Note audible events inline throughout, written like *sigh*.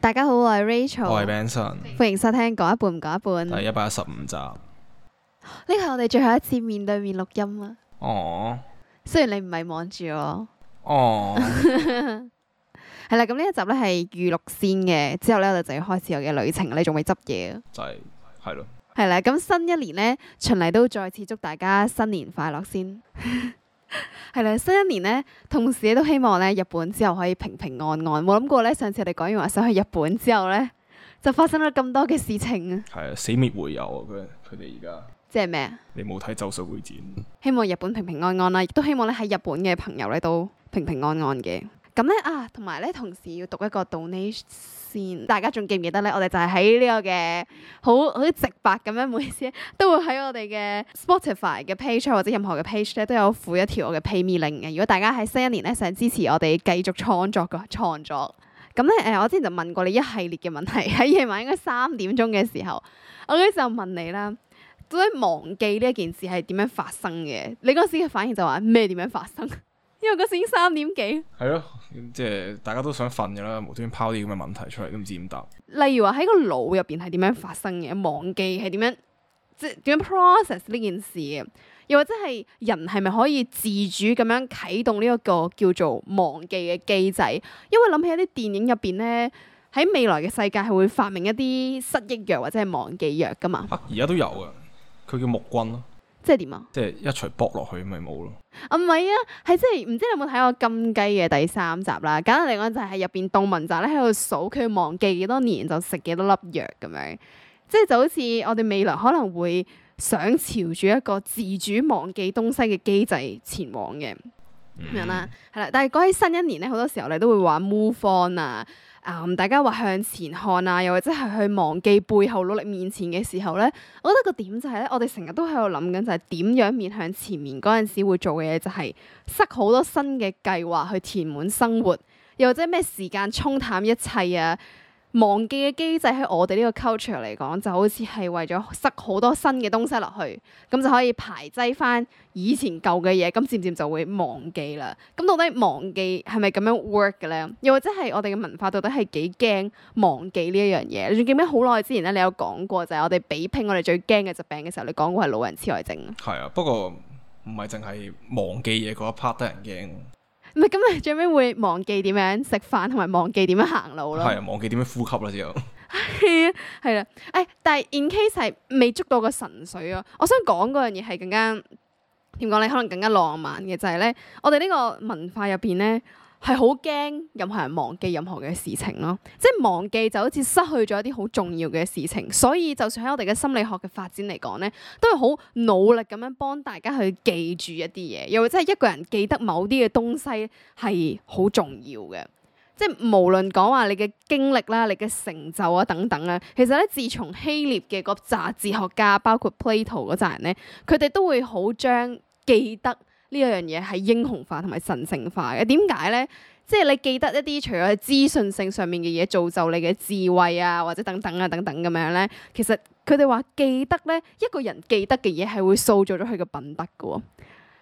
大家好，我係 Rachel，我係 Benson，歡迎收聽講一半唔講一半，第一百一十五集，呢個係我哋最後一次面對面錄音啦。哦，雖然你唔係望住我。哦。係啦， *laughs* 咁呢一集咧係預錄先嘅，之後咧我哋就要開始我嘅旅程。你仲未執嘢？就係係咯。係啦，咁新一年咧，循例都再次祝大家新年快樂先。 *laughs* 係啦， *laughs* 新一年咧，同時都希望咧，日本之後可以平平安安。冇諗過咧，上次我哋講完話想去日本之後咧，就發生咗咁多嘅事情啊！係啊，死滅迴游佢佢哋而家。 *laughs* 即係咩？你冇睇咒術迴戰？ *laughs* 希望日本平平安安啦，啊，亦都希望咧喺日本嘅朋友咧都平平安安嘅。咁咧啊，同埋咧，同時要讀一個 donation，大家仲記唔記得咧？我哋就係喺呢個嘅好好直白咁樣，每次都會喺我哋嘅 Spotify 嘅 page 或者任何嘅 page 咧，都有附一條我嘅 PayMe link 嘅。如果大家喺新一年咧想支持我哋繼續創作個創作，咁咧誒，我之前就問過你一系列嘅問題，喺夜晚應該三點鐘嘅時候，我嗰陣就問你啦，點解忘記呢一件事係點樣發生嘅？你嗰時嘅反應就話咩點樣發生？因為嗰時已經三點幾，係咯。 *laughs* 即係大家都想瞓嘅啦，無端拋啲咁嘅問題出嚟，都唔知點答。例如話喺個腦入邊係點樣發生嘅，忘記係點樣，即係點樣 process 呢件事，又或者係人係咪可以自主咁樣啟動呢一個叫做忘記嘅機制？因為諗起一啲電影入邊咧，喺未來嘅世界係會發明一啲失憶藥或者係忘記藥噶嘛。而家都有嘅，佢叫木棍咯。即係點啊？即係一鎚剝落去咪冇咯？啊唔係啊，係即係唔知你有冇睇過金雞嘅第三集啦？簡單嚟講就係入邊杜汶澤咧喺度數佢忘記幾多年就食幾多粒藥咁樣，即係就好似我哋未來可能會想朝住一個自主忘記東西嘅機制前往嘅咁、嗯、樣啦。係啦，但係講起新一年咧，好多時候你都會玩 move on 啊。啊、嗯！大家話向前看啊，又或者係去忘記背後努力面前嘅時候咧，我覺得個點就係咧，我哋成日都喺度諗緊，就係點樣面向前面嗰陣時會做嘅嘢，就係塞好多新嘅計劃去填滿生活，又或者咩時間沖淡一切啊？忘記嘅機制喺我哋呢個 culture 嚟講，就好似係為咗塞好多新嘅東西落去，咁就可以排擠翻以前舊嘅嘢，咁漸漸就會忘記啦。咁到底忘記係咪咁樣 work 嘅咧？又或者係我哋嘅文化到底係幾驚忘記呢一樣嘢？你仲記唔記得好耐之前咧？你有講過就係我哋比拼我哋最驚嘅疾病嘅時候，你講過係老人痴呆症啊。係啊，不過唔係淨係忘記嘢嗰一 part 得人驚。唔係，咁你最尾會忘記點樣食飯，同埋忘記點樣行路咯。係啊，忘記點樣呼吸啦，之後係啊，係啦。誒，但係 in case 係未捉到個神髓啊。我想講嗰樣嘢係更加點講咧，可能更加浪漫嘅就係咧，我哋呢個文化入邊咧。係好驚任何人忘記任何嘅事情咯，即係忘記就好似失去咗一啲好重要嘅事情。所以，就算喺我哋嘅心理學嘅發展嚟講咧，都係好努力咁樣幫大家去記住一啲嘢，又或者係一個人記得某啲嘅東西係好重要嘅。即係無論講話你嘅經歷啦、你嘅成就啊等等啦，其實咧，自從希臘嘅嗰陣哲學家，包括 Plato 嗰陣人咧，佢哋都會好將記得。呢樣嘢係英雄化同埋神聖化嘅，點解咧？即係你記得一啲除咗係資訊性上面嘅嘢，造就你嘅智慧啊，或者等等啊等等咁樣咧。其實佢哋話記得咧，一個人記得嘅嘢係會塑造咗佢嘅品德嘅喎，哦。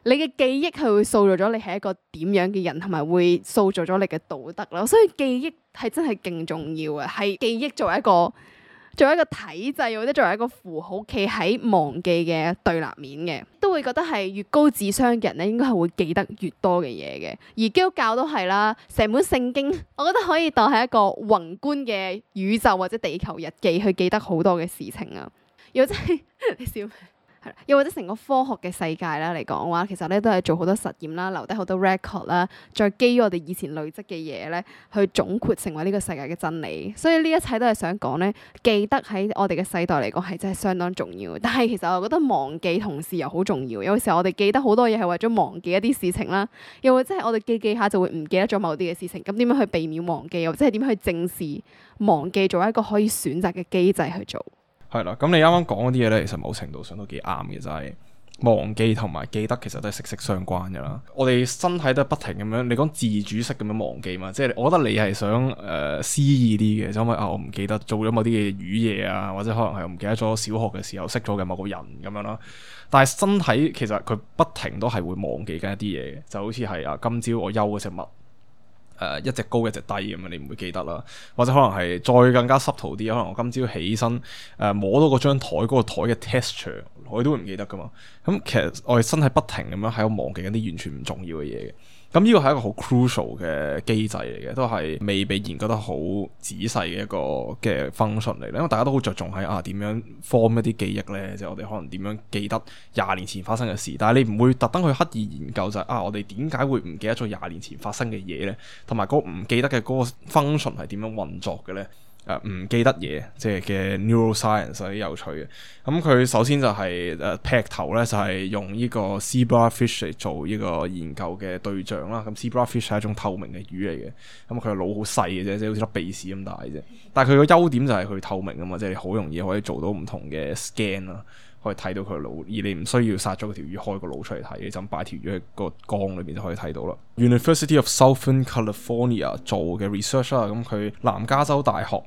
你嘅記憶係會塑造咗你係一個點樣嘅人，同埋會塑造咗你嘅道德咯。所以記憶係真係勁重要嘅，係記憶作為一個。作為一個體制，或者作為一個符號，企喺忘記嘅對立面嘅，都會覺得係越高智商嘅人咧，應該係會記得越多嘅嘢嘅。而基督教都係啦，成本聖經，我覺得可以當係一個宏觀嘅宇宙或者地球日記，去記得好多嘅事情啊。如果真係 *laughs* 你笑咩？係，又或者成個科學嘅世界啦嚟講嘅話，其實咧都係做好多實驗啦，留低好多 record 啦，再基於我哋以前累積嘅嘢咧，去總括成為呢個世界嘅真理。所以呢一切都係想講咧，記得喺我哋嘅世代嚟講係真係相當重要。但係其實我覺得忘記同時又好重要。有時候我哋記得好多嘢係為咗忘記一啲事情啦，又或者係我哋記記下就會唔記得咗某啲嘅事情。咁點樣去避免忘記，又或者係點樣去正視忘記做一個可以選擇嘅機制去做？係啦，咁你啱啱講嗰啲嘢咧，其實某程度上都幾啱嘅，就係、是、忘記同埋記得其實都係息息相關噶啦。 *noise* 我哋身體都係不停咁樣，你講自主式咁樣忘記嘛，即係我覺得你係想誒詩意啲嘅，就、呃、因為啊，我唔記得做咗某啲嘅雨嘢啊，或者可能係我唔記得咗小學嘅時候識咗嘅某個人咁樣啦。但係身體其實佢不停都係會忘記緊一啲嘢，就好似係啊今朝我休嗰隻物。誒一隻高一隻低咁啊，你唔會記得啦，或者可能係再更加濕塗啲，可能我今朝起身誒摸到張、嗰張台嗰個台嘅 texture 我都會唔記得噶嘛。咁其實我哋身體不停咁樣喺度忘記一啲完全唔重要嘅嘢嘅。咁呢個係一個好 crucial 嘅機制嚟嘅，都係未被研究得好仔細嘅一個嘅 function 嚟嘅。因為大家都好着重喺啊點樣 form 一啲記憶咧，即係我哋可能點樣記得廿年前發生嘅事。但係你唔會特登去刻意研究就係啊，我哋點解會唔記得咗廿年前發生嘅嘢咧？同埋嗰唔記得嘅嗰個 function 係點樣運作嘅咧？誒唔、啊、記得嘢，即係嘅、那個、neuroscience 啲有趣嘅。咁、嗯、佢首先就係、是、誒、呃、劈頭咧，就係、是、用呢個 zebrafish 嚟做呢個研究嘅對象啦。咁、嗯、zebrafish 係一種透明嘅魚嚟嘅，咁佢個腦好細嘅啫，即係好似粒鼻屎咁大啫。但係佢個優點就係佢透明啊嘛，即係你好容易可以做到唔同嘅 scan 啦、啊，可以睇到佢個腦，而你唔需要殺咗個條魚開個腦出嚟睇，你就咁擺條魚喺個缸裏面就可以睇到啦。University of Southern California 做嘅 research 啦、啊，咁、嗯、佢南加州大學。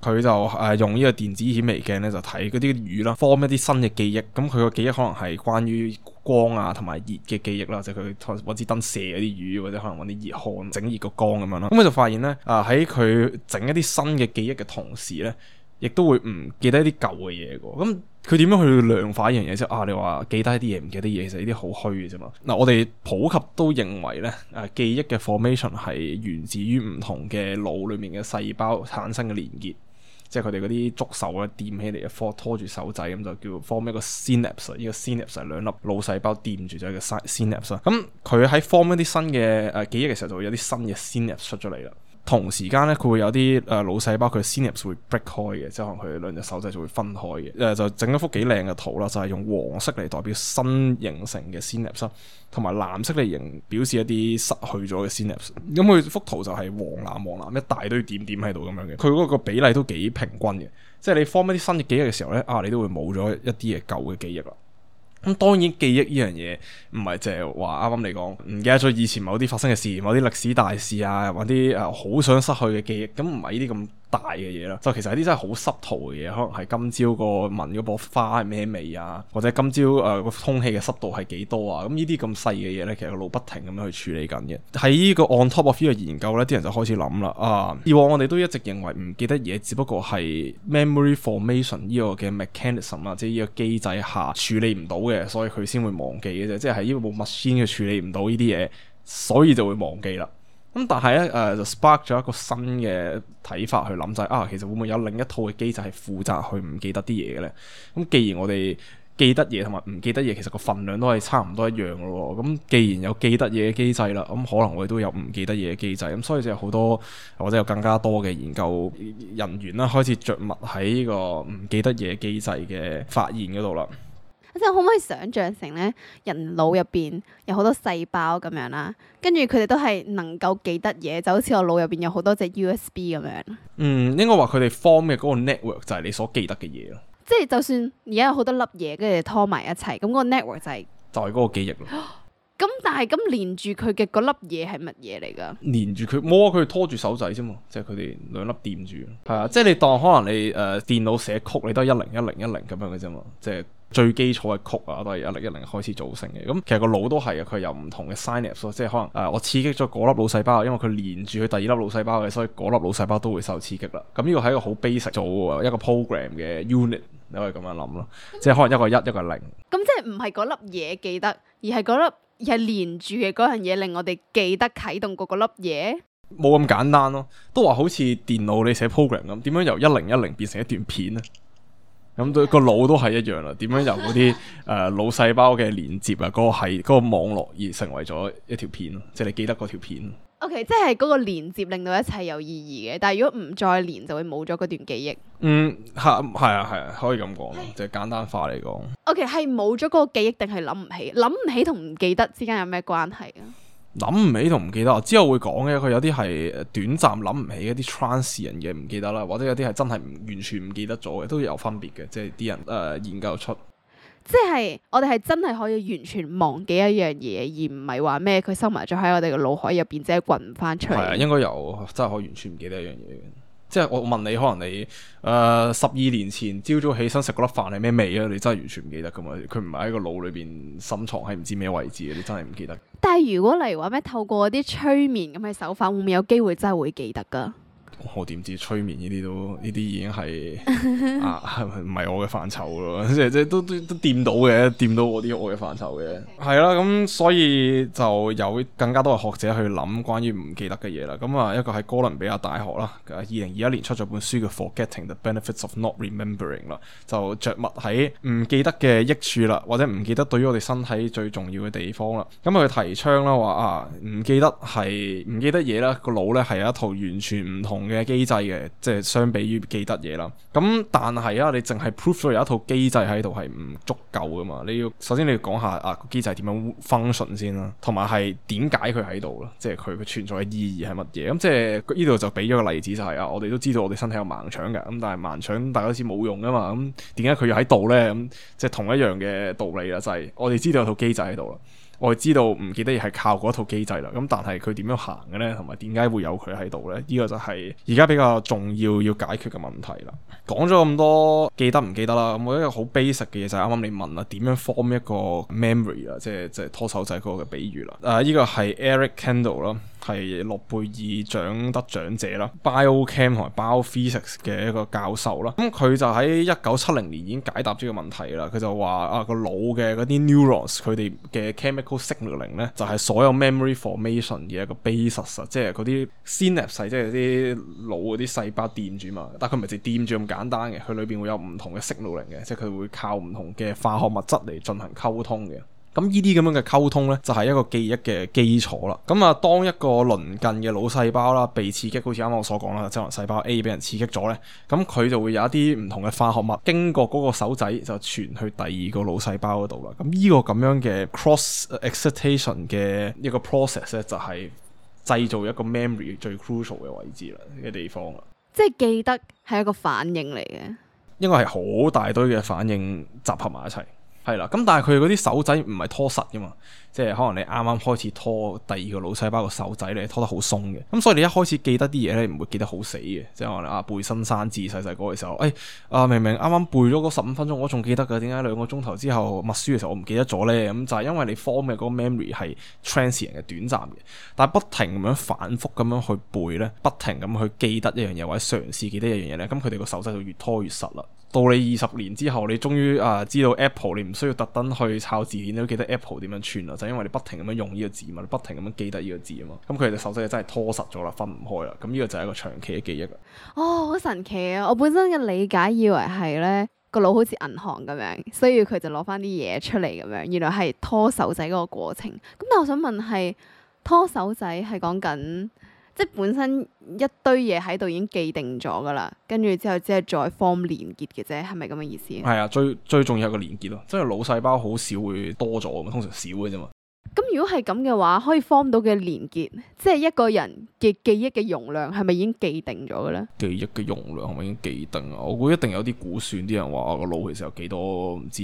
佢就誒、呃、用呢個電子顯微鏡咧，就睇嗰啲魚啦、呃、form 一啲新嘅記憶。咁佢個記憶可能係關於光啊，同埋熱嘅記憶啦，就佢揾支燈射嗰啲魚，或者可能揾啲熱汗整熱個光咁樣咯。咁佢就發現咧，啊，喺佢整一啲新嘅記憶嘅同時咧，亦都會唔記得一啲舊嘅嘢嘅。咁佢點樣去量化一樣嘢先啊？你話記得一啲嘢唔記得嘢，其實呢啲好虛嘅啫嘛。嗱、啊，我哋普及都認為咧，誒、啊、記憶嘅 formation 係源自於唔同嘅腦裏面嘅細胞產生嘅連結。即係佢哋嗰啲觸手咧，掂起嚟一科拖住手仔，咁就叫 form 一個 synapse。呢個 synapse 係兩粒腦細胞掂住就係個 synapse 啦。咁佢喺 form 一啲新嘅誒、呃、記憶嘅時候，就會有啲新嘅 synapse 出咗嚟啦。同時間咧，佢會有啲誒腦細胞，佢、呃、synapse *noise* 會 break 開嘅，即可能佢兩隻手仔就會分開嘅。誒、呃、就整一幅幾靚嘅圖啦，就係、是、用黃色嚟代表新形成嘅 synapse 同埋、啊、藍色嚟形表示一啲失去咗嘅 synapse。咁佢、嗯、幅圖就係黃藍黃藍，一大堆點點喺度咁樣嘅。佢嗰個比例都幾平均嘅，即係你 form 一啲新嘅記憶嘅時候咧，啊，你都會冇咗一啲嘅舊嘅記憶啦。咁當然記憶呢樣嘢唔係淨係話啱啱你講唔記得咗以前某啲發生嘅事，某啲歷史大事啊，某啲好想失去嘅記憶，咁唔係呢啲咁。大嘅嘢啦，就其實有啲真係好濕度嘅嘢，可能係今朝、嗰個聞嗰樖花係咩味啊，或者今朝誒個空氣嘅濕度係幾多啊？咁、嗯、呢啲咁細嘅嘢咧，其實腦不停咁樣去處理緊嘅。喺呢個 on top of 呢個研究咧，啲人就開始諗啦。啊，以往我哋都一直認為唔記得嘢，只不過係 memory formation 呢個嘅 mechanism 啊，即係呢個機制下處理唔到嘅，所以佢先會忘記嘅啫。即係因為冇 machine 嘅處理唔到呢啲嘢，所以就會忘記啦。咁但係咧，誒就 spark 咗一個新嘅睇法去諗，就是，就係啊，其實會唔會有另一套嘅機制係負責去唔記得啲嘢嘅咧？咁既然我哋記得嘢同埋唔記得嘢，其實個份量都係差唔多一樣咯。咁既然有記得嘢嘅機制啦，咁可能我哋都有唔記得嘢嘅機制，咁所以就有好多或者有更加多嘅研究人員啦，開始著墨喺呢個唔記得嘢機制嘅發現嗰度啦。即係可唔可以想象成咧，人腦入邊有好多細胞咁樣啦，跟住佢哋都係能夠記得嘢，就好似我腦入邊有好多隻 USB 咁樣。嗯，應該話佢哋 form 嘅嗰個 network 就係你所記得嘅嘢咯。即係就算而家有好多粒嘢，跟住拖埋一齊，咁、嗰個 network 就係、係、就係嗰個記憶咯。咁但係咁連住佢嘅嗰粒嘢係乜嘢嚟噶？連住佢摸佢拖住手仔啫嘛，即係佢哋兩粒掂住。係啊，即係你當可能你誒、呃、電腦寫曲、曲，你都一零一零一零咁樣嘅啫嘛，即係。最基礎嘅曲啊，都係一零一零開始組成嘅。咁其實個腦都係啊，佢由唔同嘅 synapse 即係可能誒，我刺激咗嗰粒腦細胞，因為佢連住佢第二粒腦細胞嘅，所以嗰粒腦細胞都會受刺激啦。咁呢個係一個好 basic 組嘅一個 program 嘅 unit，你可以咁樣諗咯，即係可能一個一，一個零。咁即係唔係嗰粒嘢記得，而係嗰粒係連住嘅嗰樣嘢令我哋記得啟動過嗰粒嘢？冇咁簡單咯，都話好似電腦你寫 program 咁，點樣由一零一零變成一段片咧？咁對個腦都係一樣啦。點樣由嗰啲誒腦細胞嘅連接啊，嗰個係嗰個網絡而成為咗一條片，即係你記得嗰條片。OK，即係嗰個連接令到一切有意義嘅。但係如果唔再連，就會冇咗嗰段記憶。嗯，係係啊係啊，可以咁講，就係簡單化嚟講。OK，係冇咗嗰個記憶定係諗唔起？諗唔起同唔記得之間有咩關係啊？諗唔起同唔記得，之後會講嘅。佢有啲係短暫諗唔起一啲 trans 人嘅唔記得啦，或者有啲係真係完全唔記得咗嘅，都有分別嘅，即係啲人誒、呃、研究出，即係我哋係真係可以完全忘記一樣嘢，而唔係話咩佢收埋咗喺我哋嘅腦海入邊，即係滾唔翻出嚟。係啊，應該有真係可以完全唔記得一樣嘢嘅。即係我我問你，可能你誒十二年前朝早起身食嗰粒飯係咩味啊？你真係完全唔記得㗎嘛？佢唔係喺個腦裏邊深藏喺唔知咩位置嘅，你真係唔記得。但係如果嚟話咩透過啲催眠咁嘅手法，會唔會有機會真係會記得㗎？我點知催眠呢啲都呢啲已經係啊，係唔係我嘅範疇咯？即係即係都都都掂到嘅，掂到我啲我嘅範疇嘅。係啦， *laughs* 咁所以就有更加多嘅學者去諗關於唔記得嘅嘢啦。咁啊，一個係哥倫比亞大學啦，二零二一年出咗本書叫《Forgetting the Benefits of Not Remembering》啦，就著墨喺唔記得嘅益處啦，或者唔記得對於我哋身體最重要嘅地方啦。咁佢提倡啦話啊，唔記得係唔記得嘢啦，個腦咧係有一套完全唔同嘅機制嘅，即係相比於記得嘢啦。咁但係啊，你淨係 proof 咗有一套機制喺度係唔足夠噶嘛？你要首先你要講下啊個機制點樣 function 先啦，同埋係點解佢喺度啦？即係佢佢存在嘅意義係乜嘢？咁、嗯、即係呢度就俾咗個例子就係、是、啊，我哋都知道我哋身體有盲腸噶咁，但係盲腸大家好似冇用噶嘛咁，點解佢要喺度咧？咁、嗯、即係同一樣嘅道理啦，就係、是、我哋知道有套機制喺度啦。我知道唔記得係靠嗰套機制啦，咁但係佢點樣行嘅呢？同埋點解會有佢喺度呢？呢、這個就係而家比較重要要解決嘅問題啦。講咗咁多，記得唔記得啦？咁一個好 basic 嘅嘢就係啱啱你問啦，點樣 form 一個 memory 啦？即係即係拖手仔嗰個嘅比喻啦。啊、呃，呢、這個係 Eric Kandel 咯。係諾貝爾獎得獎者啦 Biochem 同埋 Biophysics 嘅一個教授啦。咁佢就喺一九七零年已經解答呢個問題啦。佢就話啊，個腦嘅嗰啲 neurons 佢哋嘅 chemical signalling 咧，就係所有 memory formation 嘅一個 basis。即係嗰啲 synapse，即係啲腦嗰啲細胞掂住嘛。但係佢唔係就掂住咁簡單嘅，佢裏邊會有唔同嘅 signalling 嘅，即係佢會靠唔同嘅化學物質嚟進行溝通嘅。咁呢啲咁樣嘅溝通呢，就係一個記憶嘅基礎啦。咁啊，當一個鄰近嘅腦細胞啦被刺激，好似啱啱我所講啦，即係細胞 A 俾人刺激咗呢，咁佢就會有一啲唔同嘅化學物經過嗰個手仔，就傳去第二個腦細胞嗰度啦。咁呢個咁樣嘅 cross excitation 嘅一個 process 呢，就係製造一個 memory 最 crucial 嘅位置啦，嘅地方啦。即係記得係一個反應嚟嘅，應該係好大堆嘅反應集合埋一齊。係啦，咁但係佢嗰啲手仔唔係拖實嘅嘛，即係可能你啱啱開始拖第二個腦細胞包個手仔咧，拖得好鬆嘅，咁所以你一開始記得啲嘢咧，唔會記得好死嘅，即係我哋啊背新山字細細個嘅時候，誒、哎、啊明明啱啱背咗嗰十五分鐘，我仲記得㗎，點解兩個鐘頭之後默書嘅時候我唔記得咗咧？咁就係因為你 Form 方嘅嗰個 memory 係 transient 嘅，短暫嘅，但係不停咁樣反覆咁樣去背咧，不停咁去記得一樣嘢或者嘗試記得一樣嘢咧，咁佢哋個手勢就越拖越實啦。到你二十年之後，你終於啊知道 Apple，你唔需要特登去抄字典，你都記得 Apple 點樣串啦，就係、因為你不停咁樣用呢個字嘛，你不停咁樣記得呢個字啊嘛。咁佢哋手仔真係拖實咗啦，分唔開啦。咁、嗯、呢、呢個就係一個長期嘅記憶哦，好神奇啊！我本身嘅理解以為係呢個腦好似銀行咁樣，所以佢就攞翻啲嘢出嚟咁樣。原來係拖手仔嗰個過程。咁但我想問係拖手仔係講緊？即本身一堆嘢喺度已經既定咗噶啦，跟住之後只係再 form 連結嘅啫，係咪咁嘅意思？係啊，最最重要係個連結咯，即係腦細胞好少會多咗，咁通常少嘅啫嘛。咁如果係咁嘅話，可以 form 到嘅連結，即係一個人嘅記憶嘅容量係咪已經既定咗嘅咧？記憶嘅容量係咪已經既定啊？我估一定有啲估算，啲人話我個腦其實有幾多唔知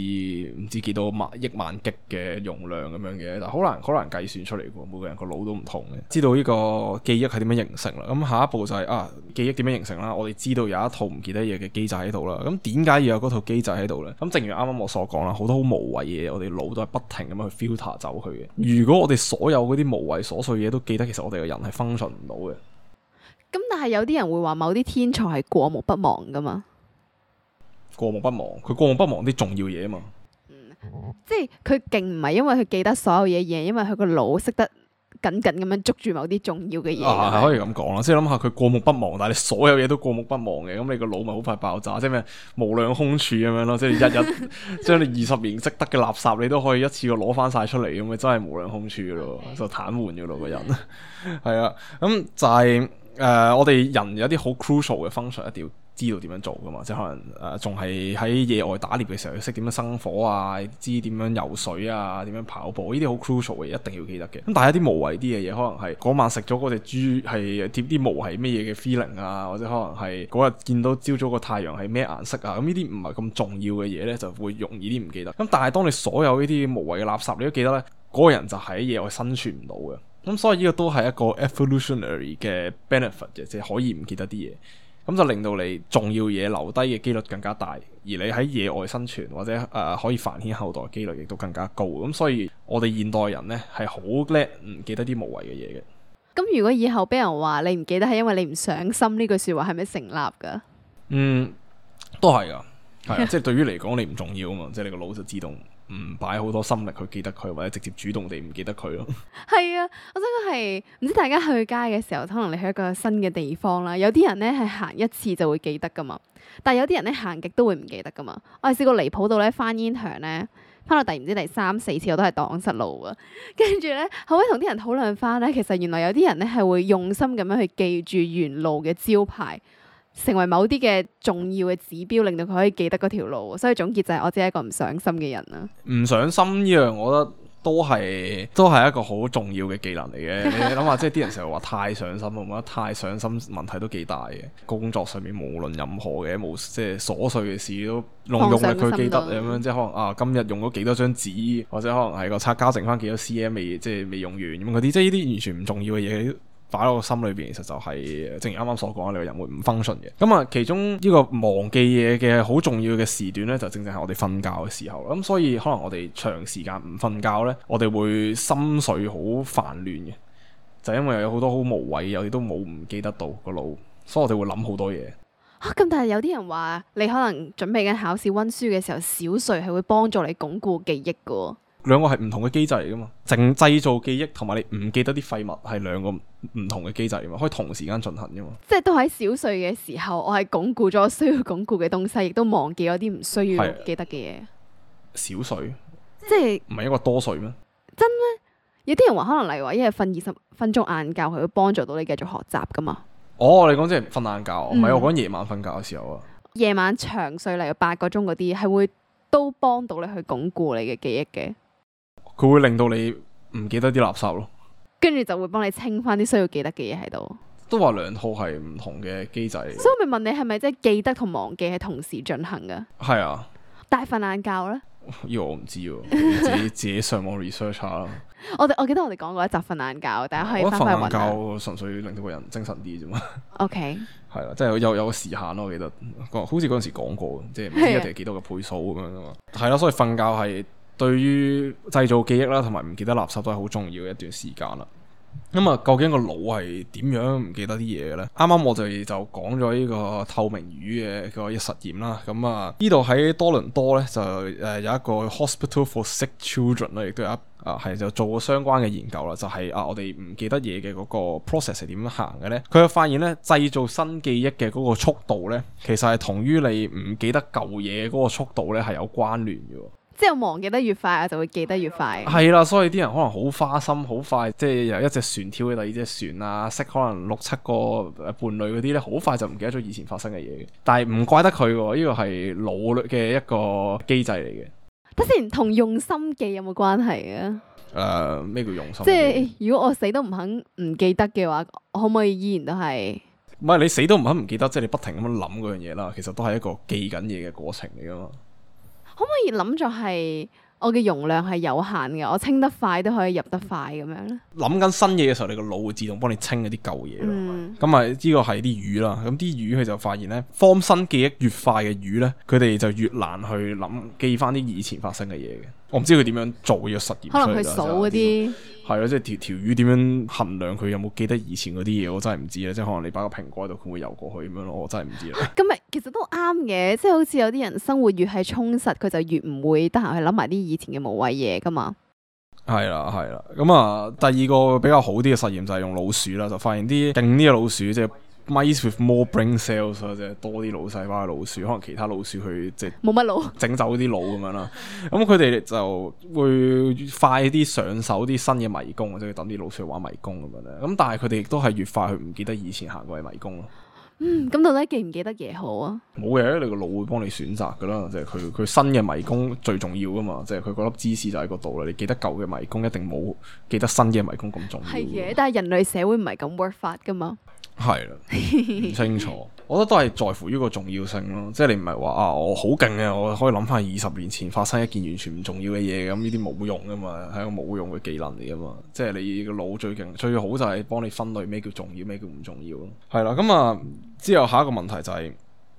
唔知幾多萬億萬億嘅容量咁樣嘅，但係好難好難計算出嚟喎。每個人個腦都唔同嘅。知道呢個記憶係點樣形成啦？咁下一步就係、是、啊記憶點樣形成啦？我哋知道有一套唔記得嘢嘅機制喺度啦。咁點解要有嗰套機制喺度咧？咁正如啱啱我所講啦，好多好無謂嘢，我哋腦都係不停咁樣去 filter 走佢嘅。如果我哋所有嗰啲無謂瑣碎嘢都記得，其實我哋個人係 function 唔到嘅。咁但係有啲人會話某啲天才係過目不忘噶嘛？過目不忘，佢過目不忘啲重要嘢啊嘛。嗯，即係佢勁唔係因為佢記得所有嘢，而係因為佢個腦識得。緊緊咁樣捉住某啲重要嘅嘢，啊，可以咁講咯，即係諗下佢過目不忘，但係你所有嘢都過目不忘嘅，咁你個腦咪好快爆炸，即係咩無量空處咁樣咯，即係 *laughs* 一日將你二十年積得嘅垃圾，你都可以一次過攞翻晒出嚟，咁咪真係無量空處咯， *laughs* 就癱瘓咗咯個人，係啊， *laughs* 咁就係、是、誒、呃，我哋人有啲好 crucial 嘅 function 啊，屌！知道點樣做㗎嘛？即係可能誒，仲係喺野外打獵嘅時候，要識點樣生火啊，知點樣游水啊，點樣跑步？呢啲好 crucial 嘅，一定要記得嘅。咁但係一啲無謂啲嘅嘢，可能係嗰晚食咗嗰隻豬係貼啲毛係咩嘢嘅 feeling 啊，或者可能係嗰日見到朝早個太陽係咩顏色啊？咁呢啲唔係咁重要嘅嘢呢，就會容易啲唔記得。咁但係當你所有呢啲無謂嘅垃圾，你都記得呢，嗰個人就喺野外生存唔到嘅。咁所以呢個都係一個 evolutionary 嘅 benefit 嘅，即係可以唔記得啲嘢。咁就令到你重要嘢留低嘅機率更加大，而你喺野外生存或者誒、呃、可以繁衍後代嘅機率亦都更加高。咁、嗯、所以我哋現代人呢，係好叻唔記得啲無謂嘅嘢嘅。咁如果以後俾人話你唔記得係因為你唔上心呢句説話係咪成立噶？嗯，都係噶，係啊， *laughs* 即係對於你嚟講你唔重要啊嘛，即係你個腦就自動。唔擺好多心力去記得佢，或者直接主動地唔記得佢咯。係啊，我真講係，唔知大家去街嘅時候，可能你去一個新嘅地方啦，有啲人咧係行一次就會記得噶嘛，但係有啲人咧行極都會唔記得噶嘛。我係試過離譜到咧翻煙腸咧，翻到第唔知第三四次我都係蕩失路啊。跟住咧，可以同啲人討論翻咧，其實原來有啲人咧係會用心咁樣去記住沿路嘅招牌。成為某啲嘅重要嘅指標，令到佢可以記得嗰條路。所以總結就係、是，我只係一個唔上心嘅人啦。唔上心呢樣，我覺得都係都係一個好重要嘅技能嚟嘅。 *laughs* 你諗下，即係啲人成日話太上心，我覺得太上心問題都幾大嘅。工作上面無論任何嘅，冇即係瑣碎嘅事都弄用力去記得咁樣，都都即係可能啊，今日用咗幾多張紙，或者可能係個擦膠剩返幾多 cm，未即係未用完咁嗰啲，即係呢啲完全唔重要嘅嘢。擺喺個心裏邊，其實就係正如啱啱所講，你個人會唔 function 嘅。咁啊，其中呢個忘記嘢嘅好重要嘅時段呢，就正正係我哋瞓覺嘅時候。咁所以可能我哋長時間唔瞓覺呢，我哋會心緒好煩亂嘅，就因為有好多好無謂有啲都冇唔記得到個腦，所以我哋會諗好多嘢。咁、啊、但係有啲人話，你可能準備緊考試溫書嘅時候，小睡係會幫助你鞏固記憶嘅。兩個係唔同嘅機制嚟噶嘛？淨製造記憶同埋你唔記得啲廢物係兩個。唔同嘅機制啊嘛，可以同時間進行噶嘛。即係都喺小睡嘅時候，我係鞏固咗需要鞏固嘅東西，亦都忘記咗啲唔需要記得嘅嘢。小睡即係唔係一個多睡咩？真咩？有啲人話可能例如話一日瞓二十分鐘晏覺，佢會幫助到你繼續學習噶嘛？哦，你講即係瞓晏覺，唔係我講夜、嗯、晚瞓覺嘅時候啊。夜晚長睡，例如八個鐘嗰啲，係會都幫到你去鞏固你嘅記憶嘅。佢會令到你唔記得啲垃圾咯。跟住就會幫你清翻啲需要記得嘅嘢喺度。都話兩套係唔同嘅機制。所以我咪問你係咪即係記得同忘記係同時進行㗎？係啊。但係瞓懶覺咧？呢個我唔知喎， *laughs* 自己自己上網 research 下啦。我哋我記得我哋講過一集瞓懶覺，大家可以翻翻雲。我覺得瞓懶覺純粹令到個人精神啲啫嘛。 *laughs* OK。係啦，即係有有，有個時限咯、啊。我記得，好似嗰陣時講過即係唔知一定係幾多個倍數咁樣啊嘛。係咯、啊，所以瞓覺係對於製造記憶啦、啊，同埋唔記得垃圾都係好重要嘅一段時間啦。咁啊、嗯，究竟個腦係點樣唔記得啲嘢嘅咧？啱啱我哋就講咗呢個透明魚嘅個實驗啦。咁、嗯、啊，多多呢度喺多倫多咧就誒有一個 Hospital for Sick Children 啦，亦都有一啊係就做過相關嘅研究啦。就係、是、啊，我哋唔記得嘢嘅嗰個 process 係點樣行嘅咧？佢就發現咧，製造新記憶嘅嗰個速度咧，其實係同於你唔記得舊嘢嗰個速度咧係有關聯嘅。即係忘記得越快，我就會記得越快。係啦，所以啲人可能好花心，好快，即係由一隻船跳去第二隻船啊，識可能六七個伴侶嗰啲咧，好快就唔記得咗以前發生嘅嘢嘅。但係唔怪得佢，呢個係腦嘅一個機制嚟嘅。但先同用心記有冇關係啊？誒，咩叫用心？即係如果我死都唔肯唔記得嘅話，可唔可以依然都係？唔係你死都唔肯唔記得，即係你不停咁樣諗嗰樣嘢啦。其實都係一個記緊嘢嘅過程嚟噶嘛。可唔可以諗住係我嘅容量係有限嘅，我清得快都可以入得快咁樣咧？諗緊新嘢嘅時候，你個腦會自動幫你清嗰啲舊嘢咯。咁啊、嗯、呢、這個係啲魚啦。咁、嗯、啲魚佢就發現呢，放新記憶越快嘅魚呢，佢哋就越難去諗記翻啲以前發生嘅嘢嘅。我唔知佢點樣做呢個實驗。可能佢數嗰啲。係啊，即係條條魚點樣衡量佢有冇記得以前嗰啲嘢，我真係唔知啊！即係可能你擺個蘋果喺度，佢會游過去咁樣咯，我真係唔知啊。咁咪其實都啱嘅，即係好似有啲人生活越係充實，佢就越唔會得閒去諗埋啲以前嘅無謂嘢噶嘛。係啦係啦，咁、嗯、啊第二個比較好啲嘅實驗就係用老鼠啦，就發現啲勁啲嘅老鼠即係。Mice with more brain cells 啊，即係多啲腦細胞嘅老鼠，可能其他老鼠去即冇乜腦，整、就是、走啲腦咁樣啦。咁佢哋就會快啲上手啲新嘅迷宮，即係等啲老鼠去玩迷宮咁樣咧。咁但係佢哋亦都係越快去唔記得以前行過嘅迷宮咯。嗯、咁、嗯、到底記唔記得嘢好啊？冇嘢，你個腦會幫你選擇噶啦，即係佢佢新嘅迷宮最重要噶嘛，即係佢嗰粒芝士就喺嗰度啦。你記得舊嘅迷宮一定冇記得新嘅迷宮咁重要。係嘅，但係人類社會唔係咁 work 法噶嘛。係啦，唔、嗯、清楚， *laughs* 我覺得都係在乎於個重要性咯。即係你唔係話啊，我好勁嘅，我可以諗翻二十年前發生一件完全唔重要嘅嘢，咁呢啲冇用噶嘛，係一個冇用嘅技能嚟噶嘛。即係你個腦最勁最好就係幫你分類咩叫重要，咩叫唔重要咯。係啦，咁啊之後下一個問題就係、是。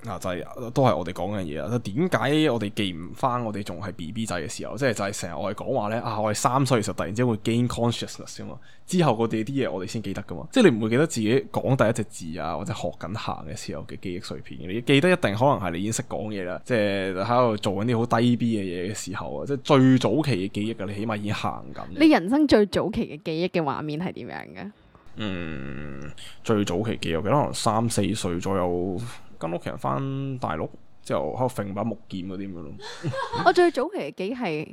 啊就係，都係我哋講嘅嘢啦。點解我哋記唔翻？我哋仲係 B B 仔嘅時候，即係就係成日我哋講話呢。啊！我係三歲嘅時候突然之間會 gain consciousness 之後我哋啲嘢我哋先記得噶嘛。即係你唔會記得自己講第一隻字啊，或者學緊行嘅時候嘅記憶碎片。你記得一定可能係你已經識講嘢啦，即係喺度做緊啲好低 B 嘅嘢嘅時候啊，即係最早期嘅記憶啊。你起碼已經行緊。你人生最早期嘅記憶嘅畫面係點樣嘅？嗯，最早期嘅記憶可能三四歲左右。跟屋企人翻大陸、嗯、之後喺度揈把木劍嗰啲咁咯。 *laughs* 我最早期嘅記憶係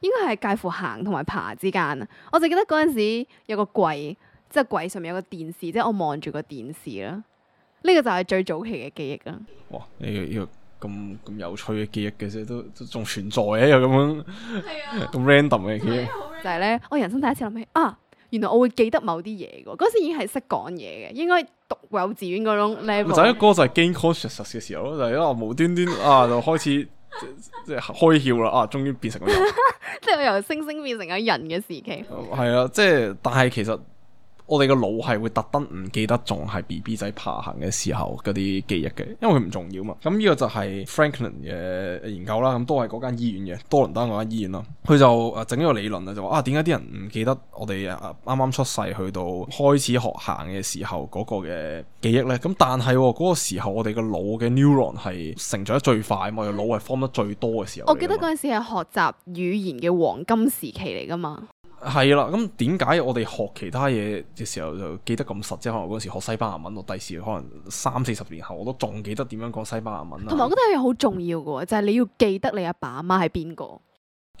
應該係介乎行同埋爬之間。我仲記得嗰陣時有個櫃，即係櫃上面有個電視，即、就、係、是、我望住個電視啦。呢、這個就係最早期嘅記憶啊。哇！呢、這、呢個咁咁、這個這個、有趣嘅記憶嘅啫，都仲存在嘅，又咁樣咁 random 嘅記憶。就係咧，我人生第一次諗起啊，原來我會記得某啲嘢嘅。嗰時已經係識講嘢嘅，應該。讀幼稚園嗰種 level 就一個就係 gain consciousness 嘅時候咯，就係因為無端端啊就開始即即 *laughs* 開竅啦啊，終於變成咁樣， *laughs* 即係由猩猩變成咗人嘅時期，係、嗯、啊，即係但係其實。我哋個腦係會特登唔記得仲係 B B 仔爬行嘅時候嗰啲記憶嘅，因為佢唔重要嘛。咁呢個就係 Franklin 嘅研究啦，咁都係嗰間醫院嘅多倫多嗰間醫院咯。佢就啊整一個理論啊，就話啊點解啲人唔記得我哋啊啱啱出世去到開始學行嘅時候嗰個嘅記憶呢？咁但係嗰、哦嗰個時候我哋嘅腦嘅 neuron 係成長得最快，我哋腦係 form 得最多嘅時候。我記得嗰陣時係學習語言嘅黃金時期嚟噶嘛。係啦，咁點解我哋學其他嘢嘅時候就記得咁實？即係可能我嗰時學西班牙文，我第時可能三四十年後我都仲記得點樣講西班牙文啦、啊。同埋我覺得有一樣好重要嘅，嗯、就係你要記得你阿爸阿媽係邊個。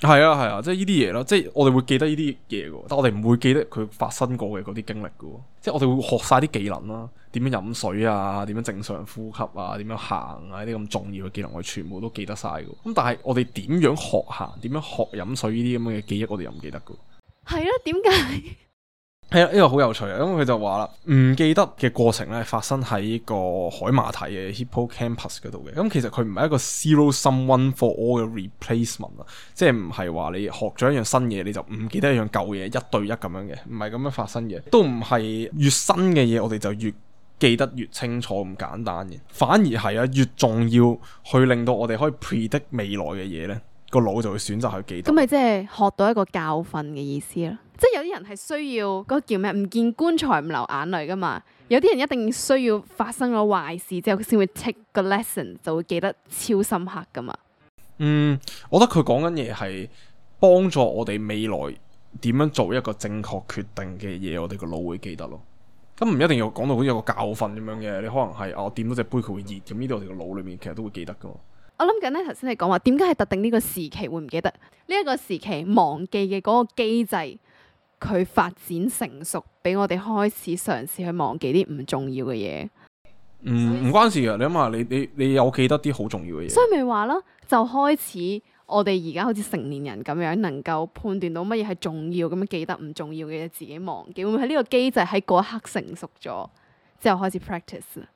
係啊係啊，即係呢啲嘢咯，即係我哋會記得呢啲嘢但我哋唔會記得佢發生過嘅嗰啲經歷嘅。即係我哋會學晒啲技能啦，點樣飲水啊，點樣正常呼吸啊，點樣行啊，呢啲咁重要嘅技能我全部都記得晒嘅。咁但係我哋點樣學行？點樣學飲水？呢啲咁嘅記憶我哋又唔記得嘅。係啦，點解？係啊，呢、 *laughs* 呢個好有趣啊！咁佢就話啦，唔記得嘅過程咧，發生喺個海馬體嘅 hippocampus 嗰度嘅。咁其實佢唔係一個 zero sum one for all 嘅 replacement 啊，即係唔係話你學咗一樣新嘢，你就唔記得一樣舊嘢，一對一咁樣嘅，唔係咁樣發生嘅。都唔係越新嘅嘢，我哋就越記得越清楚，咁簡單嘅。反而係啊，越重要去令到我哋可以 predict 未來嘅嘢咧。個腦就會選擇去記得，咁咪即係學到一個教訓嘅意思咯。即係有啲人係需要嗰個叫咩唔見棺材唔流眼淚噶嘛。有啲人一定需要發生咗壞事之後，佢先會 take 個 lesson，就會記得超深刻噶嘛。嗯，我覺得佢講緊嘢係幫助我哋未來點樣做一個正確決定嘅嘢，我哋個腦會記得咯。咁唔一定要講到好似有一個教訓咁樣嘅，你可能係、啊、我掂到隻杯佢會熱，咁呢度我哋個腦裏面其實都會記得噶。我諗緊咧，頭先你講話，點解係特定呢個時期會唔記得呢，一個時期忘記嘅嗰個機制，佢發展成熟，俾我哋開始嘗試去忘記啲唔重要嘅嘢。唔唔、嗯、關事嘅，你諗下，你你你，你有記得啲好重要嘅嘢。所以咪話咯，就開始我哋而家好似成年人咁樣，能夠判斷到乜嘢係重要，咁樣記得唔重要嘅嘢自己忘記，會唔會喺呢個機制喺嗰一刻成熟咗之後開始 practice？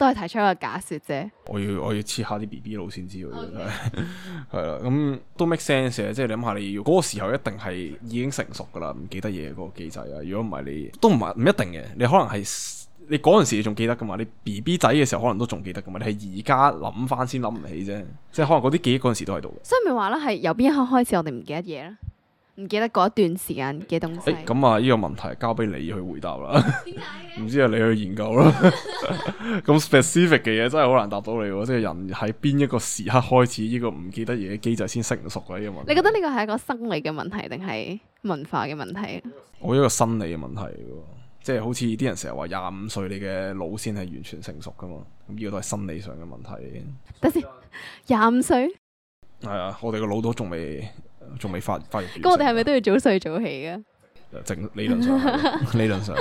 都係提出一個假說啫。我要我要切下啲 B B 腦先知喎，係啦 Okay. *laughs* 咁都 make sense 嘅，即係你諗下你要嗰個時候一定係已經成熟噶啦，唔記得嘢嗰個機制啊。如果唔係你都唔係唔一定嘅，你可能係你嗰陣時你仲記得噶嘛，你 B B 仔嘅時候可能都仲記得噶嘛，你係而家諗翻先諗唔起啫，即係可能嗰啲記憶嗰陣時都喺度。所以咪話咧，係由邊一刻開始我哋唔記得嘢咧？唔記得嗰段時間嘅東西。誒、欸，咁啊，呢個問題交俾你去回答啦。唔 *laughs* 知啊，你去研究啦。咁 *laughs* specific 嘅嘢真係好難答到你喎。即、就、係、是、人喺邊一個時刻開始呢個唔記得嘢機制先成熟嘅呢、這個問題？你覺得呢個係一個生理嘅問題定係文化嘅問題？我一個心理嘅問題喎，即、就、係、是、好似啲人成日話廿五歲你嘅腦先係完全成熟㗎嘛。咁呢個都係心理上嘅問題。得先，廿五歲？係啊，我哋個腦都仲未。仲未發發完，咁我哋係咪都要早睡早起啊？理論上，理論上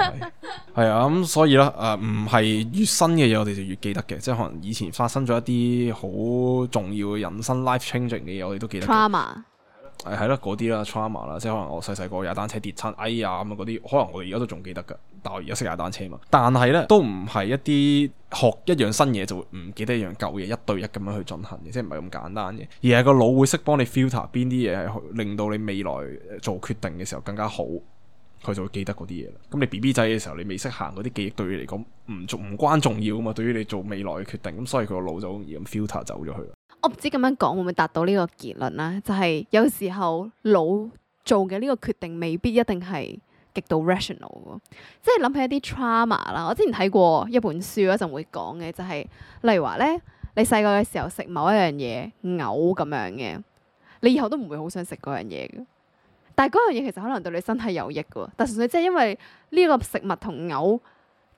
係啊，咁所以啦，誒唔係越新嘅嘢我哋就越記得嘅，即係可能以前發生咗一啲好重要嘅人生 life-changing 嘅嘢，我哋都記得。係咯，嗰啲啦，trauma 啦，Tra uma，即係可能我細細個踩單車跌親，哎呀咁嗰啲，可能我而家都仲記得噶，但我而家識踩單車嘛。但係咧都唔係一啲學一樣新嘢就會唔記得一樣舊嘢，一對一咁樣去進行，嘅，即係唔係咁簡單嘅，而係個腦會識幫你 filter 邊啲嘢係令到你未來做決定嘅時候更加好，佢就會記得嗰啲嘢啦。咁你 B B 仔嘅時候你未識行嗰啲記憶，對你嚟講唔重唔關重要啊嘛。對於你做未來嘅決定，咁所以佢個腦就好容易咁 filter 走咗去。我唔知咁樣講會唔會達到呢個結論啦，就係、是、有時候腦做嘅呢個決定未必一定係極度 rational，即係諗起一啲 trauma 啦。我之前睇過一本書嗰陣會講嘅，就係、就是、例如話咧，你細個嘅時候食某一樣嘢嘔咁樣嘅，你以後都唔會好想食嗰樣嘢嘅。但係嗰樣嘢其實可能對你身體有益嘅，但純粹即係因為呢個食物同嘔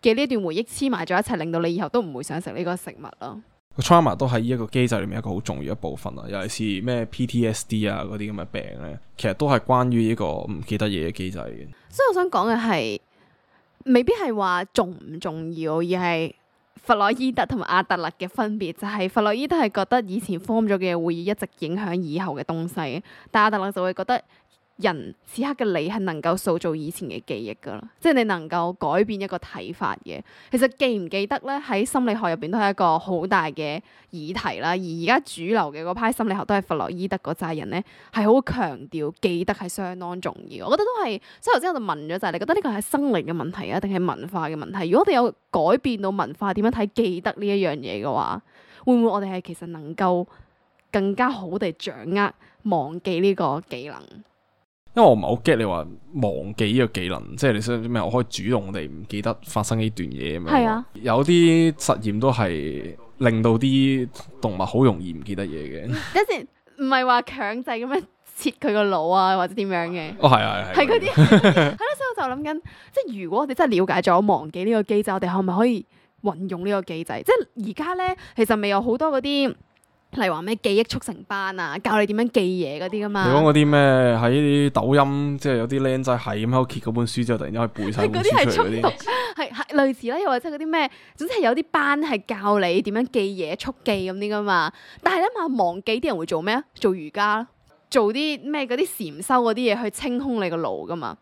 嘅呢段回憶黐埋咗一齊，令到你以後都唔會想食呢個食物咯。Tra 個 trauma 都喺呢一個機制裏面一個好重要一部分啊，尤其是咩 PTSD 啊嗰啲咁嘅病咧，其實都係關於呢個唔記得嘢嘅機制嘅。所以我想講嘅係，未必係話重唔重要，而係弗洛伊德同阿特勒嘅分別就係，弗洛伊德係覺得以前 form 咗嘅嘢會一直影響以後嘅東西，但阿特勒就會覺得。人此刻嘅你係能夠塑造以前嘅記憶㗎啦，即係你能夠改變一個睇法嘅。其實記唔記得咧，喺心理學入邊都係一個好大嘅議題啦。而而家主流嘅嗰批心理學都係弗洛伊德嗰扎人咧，係好強調記得係相當重要。我覺得都係所以頭先我就問咗就係，你覺得呢個係生靈嘅問題啊，定係文化嘅問題？如果我哋有改變到文化，點樣睇記得呢一樣嘢嘅話，會唔會我哋係其實能夠更加好地掌握忘記呢個技能？因為我唔係好 get 你話忘記呢個技能，即係你想咩？我可以主動地唔記得發生呢段嘢咁樣。係啊，有啲實驗都係令到啲動物好容易唔記得嘢嘅。一時唔係話強制咁樣切佢個腦啊，或者點樣嘅。哦，係啊係啲，係咯、啊，啊、 *laughs* 所以我就諗緊，即係如果我哋真係了解咗忘記呢個機制，我哋可唔可以運用呢個機制？即係而家咧，其實未有好多嗰啲。例如話咩記憶速成班啊，教你點樣記嘢嗰啲噶嘛。你講嗰啲咩喺抖音，即係有啲僆仔係咁喺度揭嗰本書之後，突然間去背晒本嗰啲。係嗰啲係速讀，係 *laughs* 類似啦。又或者嗰啲咩，總之係有啲班係教你點樣記嘢速記咁啲噶嘛。但係咧，問忘記啲人會做咩啊？做瑜伽，做啲咩嗰啲禪修嗰啲嘢去清空你個腦噶嘛。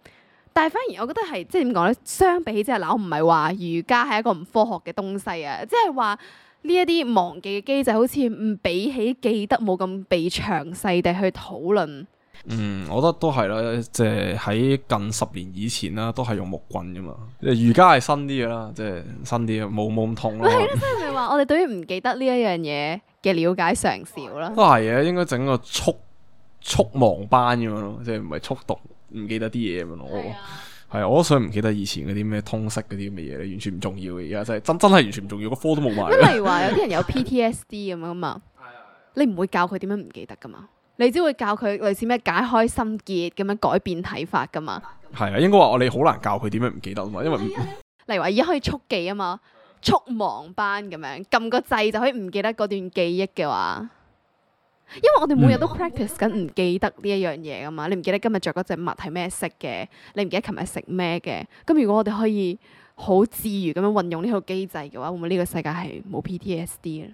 但係反而我覺得係即係點講咧，相比即係，我唔係話瑜伽係一個唔科學嘅東西啊，即係話。呢一啲忘記嘅機制，好似唔比起記得冇咁被詳細地去討論。嗯，我覺得都係啦，即係喺近十年以前啦，都係用木棍噶嘛。而家係新啲嘅啦，即係新啲啊，冇冇咁痛咯。係咯，即係咪話我哋對於唔記得呢一樣嘢嘅了解常少啦？ *laughs* *laughs* 都係啊，應該整個速速忘班咁樣咯，即係唔係速讀唔記得啲嘢咁樣咯。係我都想唔記得以前嗰啲咩通識嗰啲咁嘅嘢咧，完全唔重要嘅。而家真真真係完全唔重要，個科都冇埋。咁例如話有啲人有 PTSD 咁樣嘛， *laughs* 你唔會教佢點樣唔記得噶嘛？你只會教佢類似咩解開心結咁樣改變睇法噶嘛？係啊，應該話我哋好難教佢點樣唔記得嘛，因為，因為 *laughs* 例如話而家可以速記啊嘛，速忘班咁樣撳個掣就可以唔記得嗰段記憶嘅話。因為我哋每日都 practice 緊唔記得呢一樣嘢㗎嘛，你唔記得今日着嗰隻襪係咩色嘅，你唔記得琴日食咩嘅，咁如果我哋可以好自如咁樣運用呢套機制嘅話，會唔會呢個世界係冇 PTSD 啊？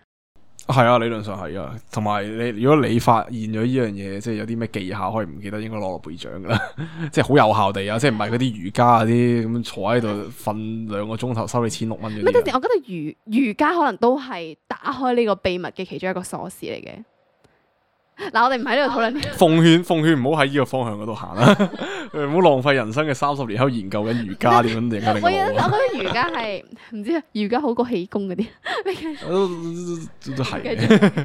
係啊，理論上係啊，同埋你如果你發現咗呢樣嘢，即係有啲咩技巧可以唔記得，應該攞個背獎㗎啦， *laughs* 即係好有效地啊，即係唔係嗰啲瑜伽嗰啲咁坐喺度瞓兩個鐘頭收你千六蚊？唔係，我覺得瑜瑜伽可能都係打開呢個秘密嘅其中一個鎖匙嚟嘅。嗱，我哋唔喺呢度討論。奉勸奉勸，唔好喺呢個方向嗰度行啦，唔好 *laughs* 浪費人生嘅三十年喺度研究緊瑜伽點樣點解。 *laughs* 我、啊、 *laughs* 我覺得瑜伽係唔知啊，瑜伽好過氣功嗰啲。都 *laughs* 係住。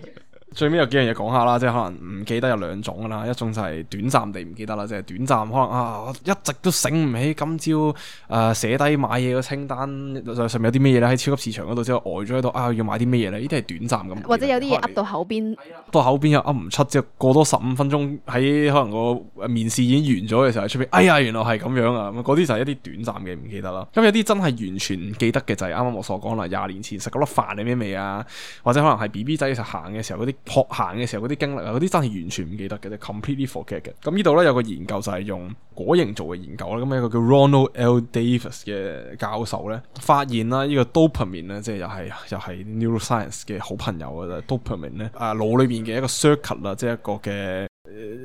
最尾有幾樣嘢講下啦，即係可能唔記得有兩種㗎啦，一種就係短暫地唔記得啦，即係短暫可能啊，一直都醒唔起今朝誒寫低買嘢個清單上面有啲咩嘢咧，喺超級市場嗰度之後呆咗喺度啊，要買啲咩嘢咧？呢啲係短暫咁，或者有啲嘢噏到口邊，到口邊又噏唔出，即係過多十五分鐘喺可能個面試已經完咗嘅時候出邊，哎呀，原來係咁樣啊！嗰啲就係一啲短暫嘅唔記得啦。咁有啲真係完全唔記得嘅就係啱啱我所講啦，廿年前食嗰粒飯係咩味啊？或者可能係 B B 仔一齊行嘅時候啲。學行嘅時候嗰啲經歷啊，嗰啲真係完全唔記得嘅，completely forget 嘅。咁呢度咧有個研究就係、是、用果蠅做嘅研究啦。咁一個叫 Ronald L. Davis 嘅教授咧，發現啦呢個 dopamine 咧，即係又係又係 neuroscience 嘅好朋友、就是、呢啊，dopamine 咧啊腦裏面嘅一個 circuit 啦，即係一個嘅，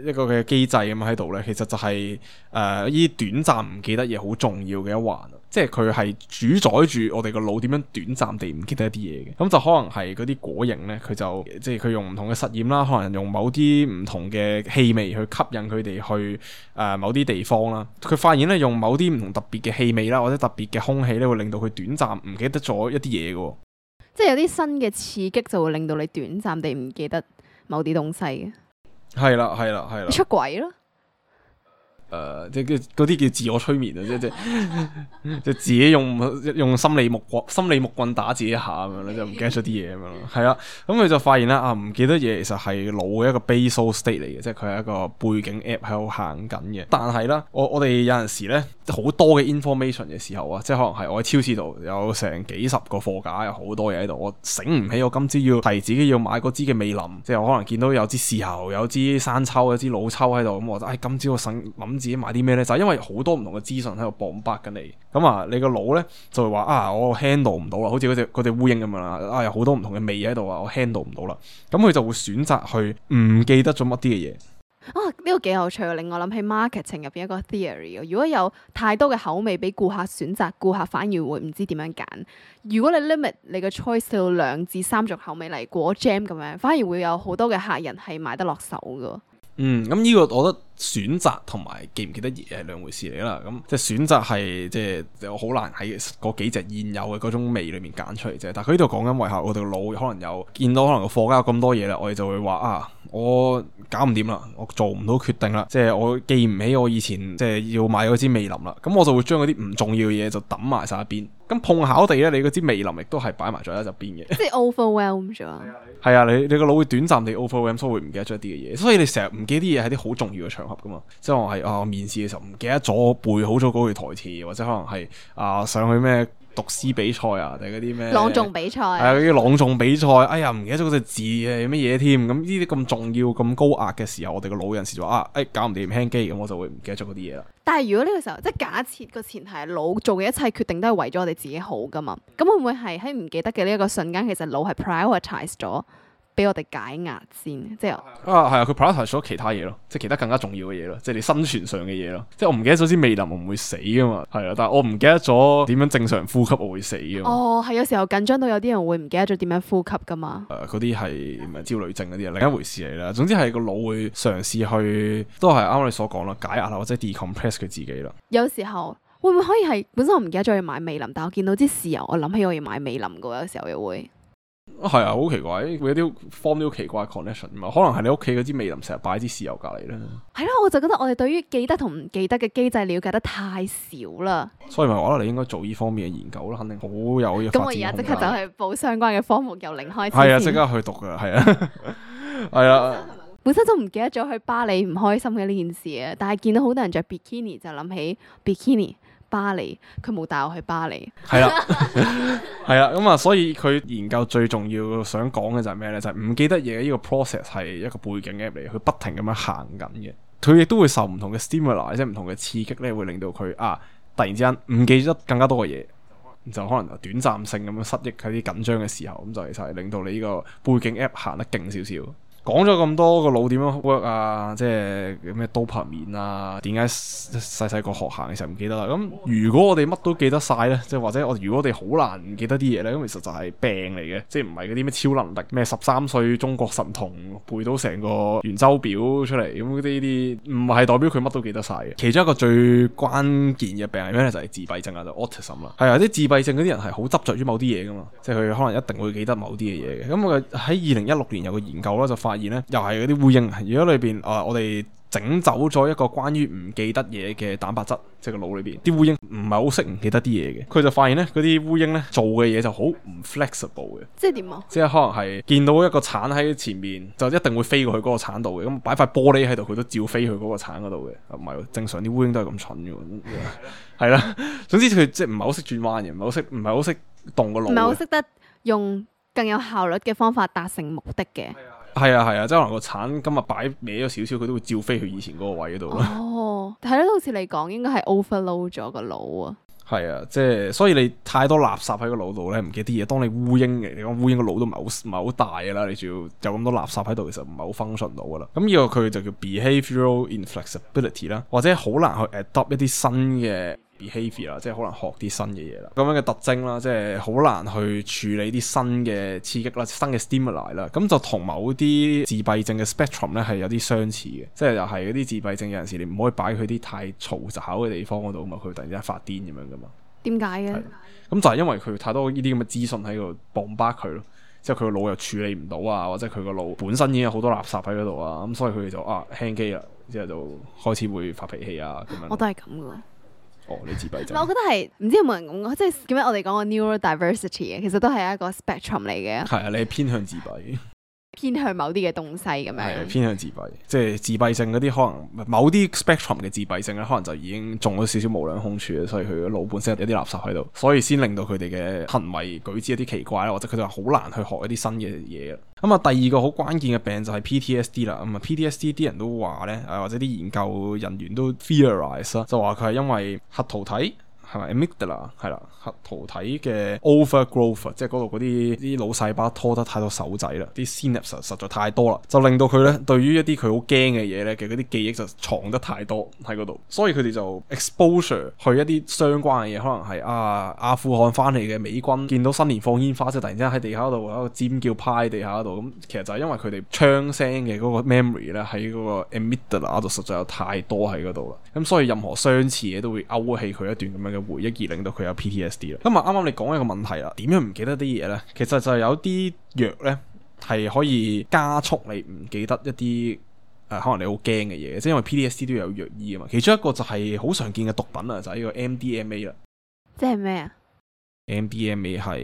一個嘅機制咁喺度呢，其實就係誒依短暫唔記得嘢好重要嘅一環，即係佢係主宰住我哋個腦點樣短暫地唔記得一啲嘢嘅。咁、嗯、就可能係嗰啲果蠅呢，佢就即係佢用唔同嘅實驗啦，可能用某啲唔同嘅氣味去吸引佢哋去誒、呃、某啲地方啦。佢發現呢，用某啲唔同特別嘅氣味啦，或者特別嘅空氣呢，會令到佢短暫唔記得咗一啲嘢嘅。即係有啲新嘅刺激就會令到你短暫地唔記得某啲東西嘅。係啦，係啦，係啦，出軌咯！誒，即係嗰啲叫自我催眠啊，即係即 *laughs* *laughs* *laughs* 自己用用心理木棍、心理木棍打自己一下咁樣就唔驚咗啲嘢咁樣咯。係啦，咁佢就發現啦，啊唔記得嘢其實係老嘅一個 basal state 嚟嘅，即係佢係一個背景 app 喺度行緊嘅。但係咧，我我哋有陣時咧好多嘅 information 嘅時候啊，即係可能係我喺超市度有成幾十個貨架，有好多嘢喺度，我醒唔起我今朝要提自己要買嗰支嘅美林，即係可能見到有支豉油、有支生抽，有支老抽喺度，咁我誒、哎、今朝我醒諗。自己買啲咩咧？就係、是、因為好多唔同嘅資訊喺度綁白緊你，咁、嗯、啊，你個腦咧就會話啊，我 handle 唔到啦，好似嗰隻嗰隻烏蠅咁樣啦，啊，有好多唔同嘅味喺度、嗯、啊，我 handle 唔到啦，咁佢就會選擇去唔記得咗乜啲嘅嘢啊，呢個幾有趣，啊！令我諗起 marketing 入邊一個 theory。如果有太多嘅口味俾顧客選擇，顧客反而會唔知點樣揀。如果你 limit 你嘅 choice 到兩至三種口味嚟，果 jam 咁樣，反而會有好多嘅客人係買得落手噶、嗯。嗯、咁、這、呢個我覺得。選擇同埋記唔記得嘢係兩回事嚟啦，咁即係選擇係即係又好難喺嗰幾隻現有嘅嗰種味裡面揀出嚟啫。但係佢呢度講緊，遺下我哋個腦可能有見到可能個貨架有咁多嘢啦，我哋就會話啊，我搞唔掂啦，我做唔到決定啦，即係我記唔起我以前即係要買嗰支味林啦。咁我就會將嗰啲唔重要嘅嘢就抌埋晒一邊。咁碰巧地咧，你嗰支味林亦都係擺埋咗喺入邊嘅，即係 overwhelm 咗。係 *laughs* 啊，你你個腦會短暫地 overwhelm，所以會唔記得咗一啲嘅嘢。所以你成日唔記得啲嘢係啲好重要嘅合噶嘛？即係我係啊，我面試嘅時候唔記得咗背好咗嗰句台詞，或者可能係啊、呃、上去咩讀詩比賽啊，定係嗰啲咩朗誦比賽，啊，係啲朗誦比賽。哎呀，唔記得咗嗰隻字啊，乜嘢添？咁呢啲咁重要，咁高壓嘅時候，我哋個腦人士就話啊，誒、哎，搞唔掂，唔聽機咁，我就會唔記得咗嗰啲嘢啦。但係如果呢個時候，即係假設個前提，係腦做嘅一切決定都係為咗我哋自己好噶嘛？咁會唔會係喺唔記得嘅呢一個瞬間，其實腦係 prioritize 咗？俾我哋解壓先，即係啊，係啊，佢 prioritize 咗其他嘢咯，即係其他更加重要嘅嘢咯，即係你生存上嘅嘢咯，即係我唔記得咗支味淋，我唔會死噶嘛，係啊，但係我唔記得咗點樣正常呼吸，我會死噶嘛。哦，係有時候緊張到有啲人會唔記得咗點樣呼吸噶嘛。誒、呃，嗰啲係咪焦慮症嗰啲另一回事嚟啦。總之係個腦會嘗試去，都係啱啱你所講啦，解壓或者 decompress 佢自己啦。有時候會唔會可以係本身我唔記得咗要買味淋，但係我見到啲豉油，我諗起我要買味淋嘅，有時候又會。啊，係啊，好奇怪，會有啲方啲好奇怪嘅 connection 啊嘛，可能係你屋企嗰支味林成日擺喺支豉油隔籬咧。係咯，我就覺得我哋對於記得同唔記得嘅機制了解得太少啦。所以咪我覺得你應該做呢方面嘅研究啦，肯定好有嘅。咁我而家即刻就去補相關嘅科目，由零開始。係啊，即刻去讀噶，係啊，係 *laughs* 啊了。本身就唔記得咗去巴黎唔開心嘅呢件事啊，但係見到好多人着 bikini 就諗起 bikini。巴黎，佢冇帶我去巴黎。係 *noise* 啦樂，係啦，咁啊、嗯，所以佢研究最重要想講嘅就係咩呢？就係、是、唔記得嘢呢個 process 係一個背景 app 嚟，佢不停咁樣行緊嘅。佢亦都會受唔同嘅 stimuli 即係唔同嘅刺激呢，會令到佢啊突然之間唔記得更加多嘅嘢，就可能短暫性咁樣失憶喺啲緊張嘅時候，咁就其實係令到你呢個背景 app 行得勁少少。講咗咁多個腦點樣 work 啊，即係咩 dopamine 啊，點解細細個學行嘅時候唔記得啦？咁如果我哋乜都記得晒呢？即係或者我如果我哋好難記得啲嘢呢？咁其實就係病嚟嘅，即係唔係嗰啲咩超能力咩十三歲中國神童背到成個圓周表出嚟咁嗰啲啲，唔係代表佢乜都記得晒嘅。其中一個最關鍵嘅病係咩呢？就係、是、自閉症啊，就是、autism 啦。係啊，啲自閉症嗰啲人係好執著於某啲嘢噶嘛，即係佢可能一定會記得某啲嘅嘢嘅。咁我喺二零一六年有個研究啦，就發現。發現咧，又係嗰啲烏蠅。如果裏邊啊，我哋整走咗一個關於唔記得嘢嘅蛋白質，即係個腦裏邊，啲烏蠅唔係好識唔記得啲嘢嘅。佢就發現咧，嗰啲烏蠅咧做嘅嘢就好唔 flexible 嘅。即係點啊？即係可能係見到一個鏟喺前面，就一定會飛過去嗰個鏟度嘅。咁擺塊玻璃喺度，佢都照飛去嗰個鏟嗰度嘅。唔係，正常啲烏蠅都係咁蠢嘅。係啦，總之佢即係唔係好識轉彎嘅，唔係好識，唔係好識動個腦。唔係好識得用更有效率嘅方法達成目的嘅。係啊係啊，即係可能個鏟今日擺歪咗少少，佢都會照飛去以前嗰個位度咯。哦，係咯，好似你講，應該係 overload 咗個腦啊。係啊，即係所以你太多垃圾喺個腦度咧，唔記得啲嘢。當你烏蠅嚟你講，烏蠅個腦都唔係好唔係好大噶啦，你仲要有咁多垃圾喺度，其實唔係好 function 到噶啦。咁呢個佢就叫 behavioral inflexibility 啦，或者好難去 adopt 一啲新嘅。behaviour 啦，即係可能學啲新嘅嘢啦，咁樣嘅特徵啦，即係好難去處理啲新嘅刺激啦，新嘅 stimuli 啦，咁就同某啲自閉症嘅 spectrum 咧係有啲相似嘅，即係又係嗰啲自閉症有陣時你唔可以擺佢啲太嘈雜嘅地方嗰度啊，佢突然之間發癲咁樣噶嘛？點解嘅？咁就係因為佢太多呢啲咁嘅資訊喺度 bombard 佢咯，即係佢個腦又處理唔到啊，或者佢個腦本身已經有好多垃圾喺嗰度啊，咁所以佢就啊 hang 機啦，之後就開始會發脾氣啊，咁樣我都係咁噶。哦，你自閉症。 *laughs* 我覺得係，唔知有冇人講過，即係點解我哋講個 neurodiversity 嘅，其實都係一個 spectrum 嚟嘅。係啊，你係偏向自閉。 *laughs* 偏向某啲嘅東西咁樣，偏向自閉，即係自閉症嗰啲可能某啲 spectrum 嘅自閉症咧，可能就已經中咗少少無量空處，所以佢嘅腦本身有啲垃圾喺度，所以先令到佢哋嘅行為舉止一啲奇怪啦，或者佢哋話好難去學一啲新嘅嘢。咁啊，第二個好關鍵嘅病就係 PTSD 啦。咁啊，PTSD 啲人都話咧，啊或者啲研究人員都 theorise 啦，就話佢係因為核桃體。係咪？Amygdala 啦，係啦，核桃體嘅 Overgrowth，即係嗰度嗰啲啲腦細胞拖得太多手仔啦，啲 synapse 實在太多啦，就令到佢咧對於一啲佢好驚嘅嘢咧，嘅嗰啲記憶就藏得太多喺嗰度，所以佢哋就 exposure 去一啲相關嘅嘢，可能係啊阿富汗翻嚟嘅美軍見到新年放煙花，即係突然之間喺地下度喺一個尖叫派地下度，咁其實就係因為佢哋槍聲嘅嗰個 memory 咧喺嗰個 Amygdala 度實在有太多喺嗰度啦，咁所以任何相似嘢都會勾起佢一段咁樣。嘅回憶而令到佢有 PTSD 啦，咁啊啱啱你講一個問題啦，點樣唔記得啲嘢呢？其實就有啲藥呢，係可以加速你唔記得一啲誒、呃，可能你好驚嘅嘢，即係因為 PTSD 都有藥醫啊嘛。其中一個就係好常見嘅毒品啊，就係、是、呢個 MDMA 啦。即係咩啊？MDMA 係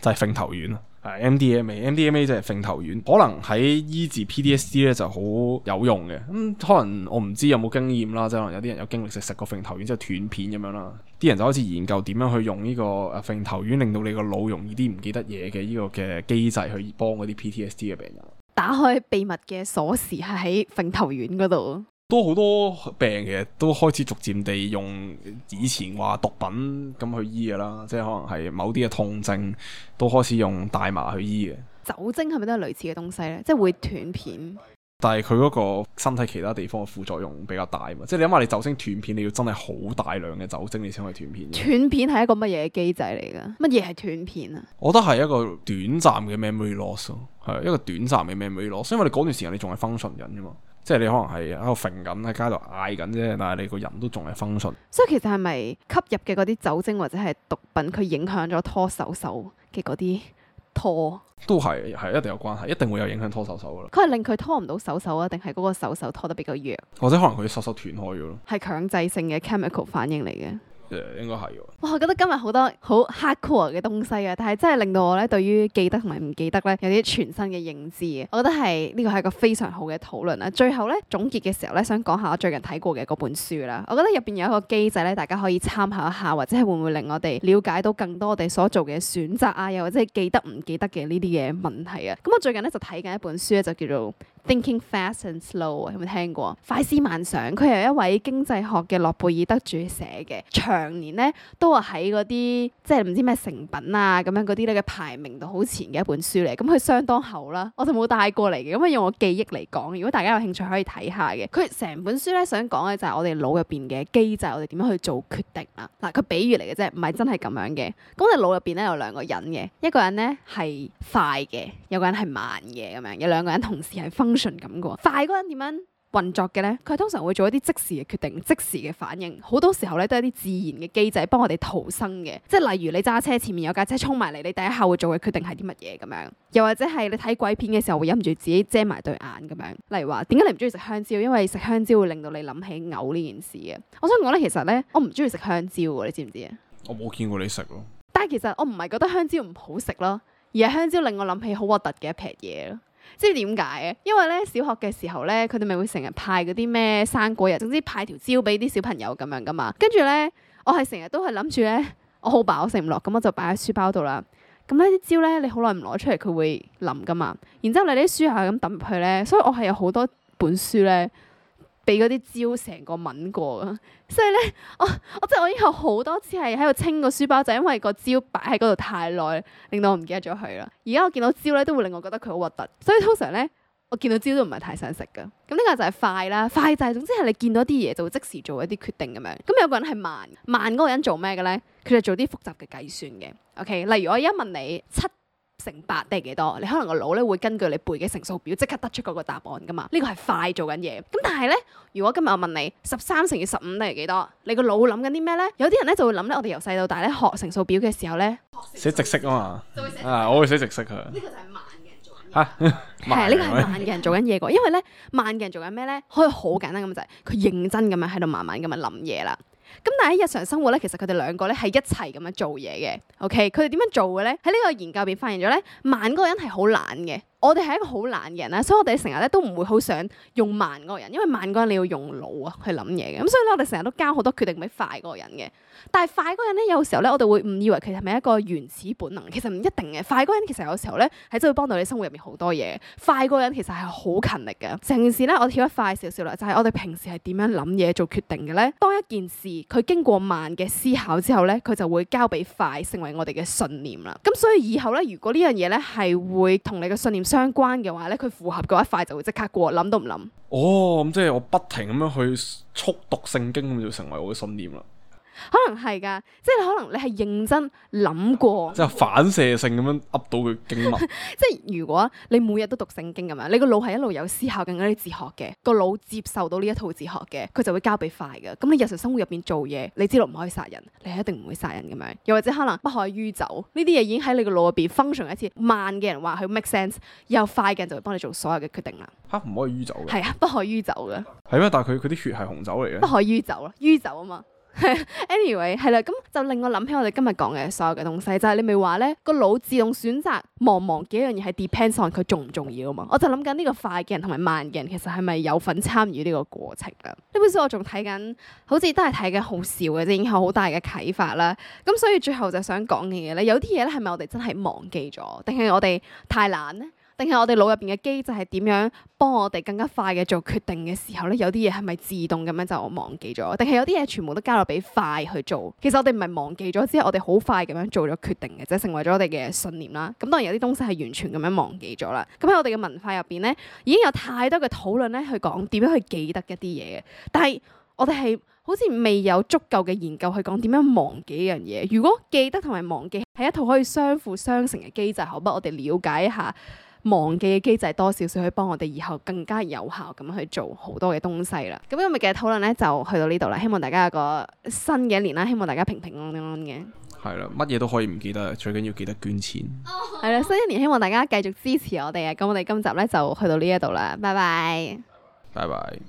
即係搖頭丸。MDMA，MDMA MD 就係揈頭丸，可能喺醫治 PTSD 咧，就好有用嘅。咁、嗯、可能我唔知有冇經驗啦，即係可能有啲人有經歷食過揈頭丸之後，就係，斷片咁樣啦。啲人就好似研究點樣去用呢個誒揈頭丸令到你個腦容易啲唔記得嘢嘅呢個嘅機制去幫嗰啲 PTSD 嘅病人。打開秘密嘅鎖匙係喺揈頭丸嗰度。都好多病嘅，都開始逐漸地用以前話毒品咁去醫嘅啦，即係可能係某啲嘅痛症都開始用大麻去醫嘅。酒精係咪都係類似嘅東西咧？即係會斷片。但係佢嗰個身體其他地方嘅副作用比較大嘛？即係你諗下，你酒精斷片，你要真係好大量嘅酒精你先可以斷片。斷片係一個乜嘢機制嚟嘅？乜嘢係斷片啊？我覺得係一個短暫嘅 memory loss 咯，係一個短暫嘅 memory loss。因為你嗰段時間你仲係 functioning 嘅嘛。即係你可能係喺度揈緊，喺街度嗌緊啫，但係你個人都仲係封唇。所以其實係咪吸入嘅嗰啲酒精或者係毒品，佢影響咗拖手手嘅嗰啲拖？都係，係一定有關係，一定會有影響拖手手噶啦。佢係令佢拖唔到手手啊，定係嗰個手手拖得比較弱？或者可能佢手手斷開咗咯？係強制性嘅 chemical 反應嚟嘅。應該係哇，我覺得今日好多好 hardcore 嘅東西啊！但係真係令到我咧，對於記得同埋唔記得咧，有啲全新嘅認知。我覺得係呢、呢個係一個非常好嘅討論啦。最後咧總結嘅時候咧，想講下我最近睇過嘅嗰本書啦。我覺得入邊有一個機制咧，大家可以參考一下，或者係會唔會令我哋了解到更多我哋所做嘅選擇啊，又或者係記得唔記得嘅呢啲嘅問題啊。咁、嗯、我最近咧就睇緊一本書咧，就叫做。Thinking Fast and Slow 有冇聽過？快思慢想，佢係一位經濟學嘅諾貝爾得主寫嘅，長年咧都係喺嗰啲即係唔知咩成品啊咁樣嗰啲咧嘅排名度好前嘅一本書嚟。咁佢相當厚啦，我就冇帶過嚟嘅，咁啊用我記憶嚟講，如果大家有興趣可以睇下嘅。佢成本書咧想講嘅就係、是、我哋腦入邊嘅機制，我哋點樣去做決定啦？嗱，佢比喻嚟嘅啫，唔係真係咁樣嘅。咁我哋腦入邊咧有兩個人嘅，一個人咧係快嘅，有個人係慢嘅，咁樣有兩個人同時係分純咁嘅，快嗰陣點樣運作嘅呢？佢通常會做一啲即時嘅決定，即時嘅反應，好多時候咧都係一啲自然嘅機制，幫我哋逃生嘅。即係例如你揸車前面有架車衝埋嚟，你第一下會做嘅決定係啲乜嘢咁樣？又或者係你睇鬼片嘅時候會忍唔住自己遮埋對眼咁樣？例如話點解你唔中意食香蕉？因為食香蕉會令到你諗起嘔呢、呃、件事嘅。我想講咧，其實咧我唔中意食香蕉嘅，你知唔知啊？我冇見過你食咯。但係其實我唔係覺得香蕉唔好食咯，而係香蕉令我諗起好核突嘅一撇嘢咯。即係點解嘅？因為咧，小學嘅時候咧，佢哋咪會成日派嗰啲咩生果日，總之派條蕉俾啲小朋友咁樣噶嘛。跟住咧，我係成日都係諗住咧，我好飽，食唔落，咁我就擺喺書包度啦。咁咧啲蕉咧，你好耐唔攞出嚟，佢會腍噶嘛。然之後你啲書又係咁抌入去咧，所以我係有好多本書咧。俾嗰啲蕉成個敏過啊，所以咧，我我，我即係我以後好多次係喺度清個書包，就因為個蕉擺喺嗰度太耐，令到我唔記得咗佢啦。而家我見到蕉咧，都會令我覺得佢好核突，所以通常咧，我見到蕉都唔係太想食噶。咁呢個就係快啦，快就係、係、總之係你見到啲嘢就會即時做一啲決定咁樣。咁有個人係慢，慢嗰個人做咩嘅咧？佢就做啲複雜嘅計算嘅。OK，例如我而家問你七乘八都係幾多？你可能個腦咧會根據你背嘅乘數表，即刻得出嗰個答案噶嘛？呢個係快做緊嘢。咁但係咧，如果今日我問你十三乘以十五等於幾多？你個腦諗緊啲咩咧？有啲人咧就會諗咧，我哋由細到大咧學乘數表嘅時候咧，候寫直式啊嘛，啊，我會寫直式佢、啊。呢個就係慢嘅人做緊嘢。嚇哈，係呢個係慢嘅了人做緊嘢個，因為咧慢嘅人做緊咩咧？可以好簡單咁就係、是、佢認真咁樣喺度慢慢咁樣諗嘢啦。咁但係喺日常生活咧，其實佢哋兩個咧，係一齊咁樣做嘢嘅。OK，佢哋點樣做嘅咧？喺呢個研究入邊發現咗咧，慢嗰個人係好懶嘅。我哋係一個好懶嘅人啦，所以我哋成日咧都唔會好想用慢嗰個人，因為慢嗰人你要用腦啊去諗嘢嘅。咁所以咧我哋成日都交好多決定俾快嗰個人嘅。但係快嗰人咧有時候咧我哋會誤以為佢係咪一個原始本能？其實唔一定嘅。快嗰人其實有時候咧係真係會幫到你生活入面好多嘢。快嗰人其實係好勤力嘅。成件事咧我跳得快少少啦，就係我哋平時係點樣諗嘢做決定嘅咧？當一件事佢經過慢嘅思考之後咧，佢就會交俾快成為我哋嘅信念啦。咁所以以後咧，如果呢樣嘢咧係會同你嘅信念。相關嘅話咧，佢符合嗰一塊就會即刻過，諗都唔諗。哦，咁、嗯、即係我不停咁樣去速讀聖經，咁就成為我嘅信念啦。可能係噶，即係你可能你係認真諗過，即係反射性咁樣噏到佢經脈。 *laughs* 即係如果你每日都讀聖經咁樣，你個腦係一路有思考緊嗰啲哲學嘅，那個腦接受到呢一套哲學嘅，佢就會交俾快嘅。咁你日常生活入邊做嘢，你知道唔可以殺人，你一定唔會殺人咁樣。又或者可能不可以酗酒，呢啲嘢已經喺你個腦入邊 function 一次。慢嘅人話佢 make sense，以後快嘅人就會幫你做所有嘅決定啦。吓，唔可以酗酒嘅。係啊，不可酗酒嘅。係咩？但係佢佢啲血係紅酒嚟嘅。不可酗酒咯，酗酒啊嘛。 *laughs* Anyway，係啦，咁就令我諗起我哋今日講嘅所有嘅東西，就係、是、你咪話咧個腦自動選擇忘唔忘記樣嘢係 depends on 佢重唔重要啊嘛，我就諗緊呢個快嘅人同埋慢嘅人其實係咪有份參與呢個過程啊？呢本書我仲睇緊，好似都係睇緊好少嘅啫，已經有好大嘅啟發啦。咁所以最後就想講嘅嘢咧，有啲嘢咧係咪我哋真係忘記咗，定係我哋太懶咧？定係我哋腦入邊嘅機制係點樣幫我哋更加快嘅做決定嘅時候咧？有啲嘢係咪自動咁樣就忘記咗？定係有啲嘢全部都交落俾快去做？其實我哋唔係忘記咗，只係我哋好快咁樣做咗決定嘅，即係成為咗我哋嘅信念啦。咁當然有啲東西係完全咁樣忘記咗啦。咁喺我哋嘅文化入邊咧，已經有太多嘅討論咧去講點樣去記得一啲嘢嘅。但係我哋係好似未有足夠嘅研究去講點樣忘記一樣嘢。如果記得同埋忘記係一套可以相輔相成嘅機制，可不可以我哋了解一下。忘記嘅機制多少少可以幫我哋以後更加有效咁去做好多嘅東西啦。咁今日嘅討論呢，就去到呢度啦，希望大家有個新嘅一年啦，希望大家平平安安嘅。係啦，乜嘢都可以唔記得，最緊要記得捐錢。係啦，新一年希望大家繼續支持我哋啊！咁我哋今集呢，就去到呢一度啦，拜拜。拜拜。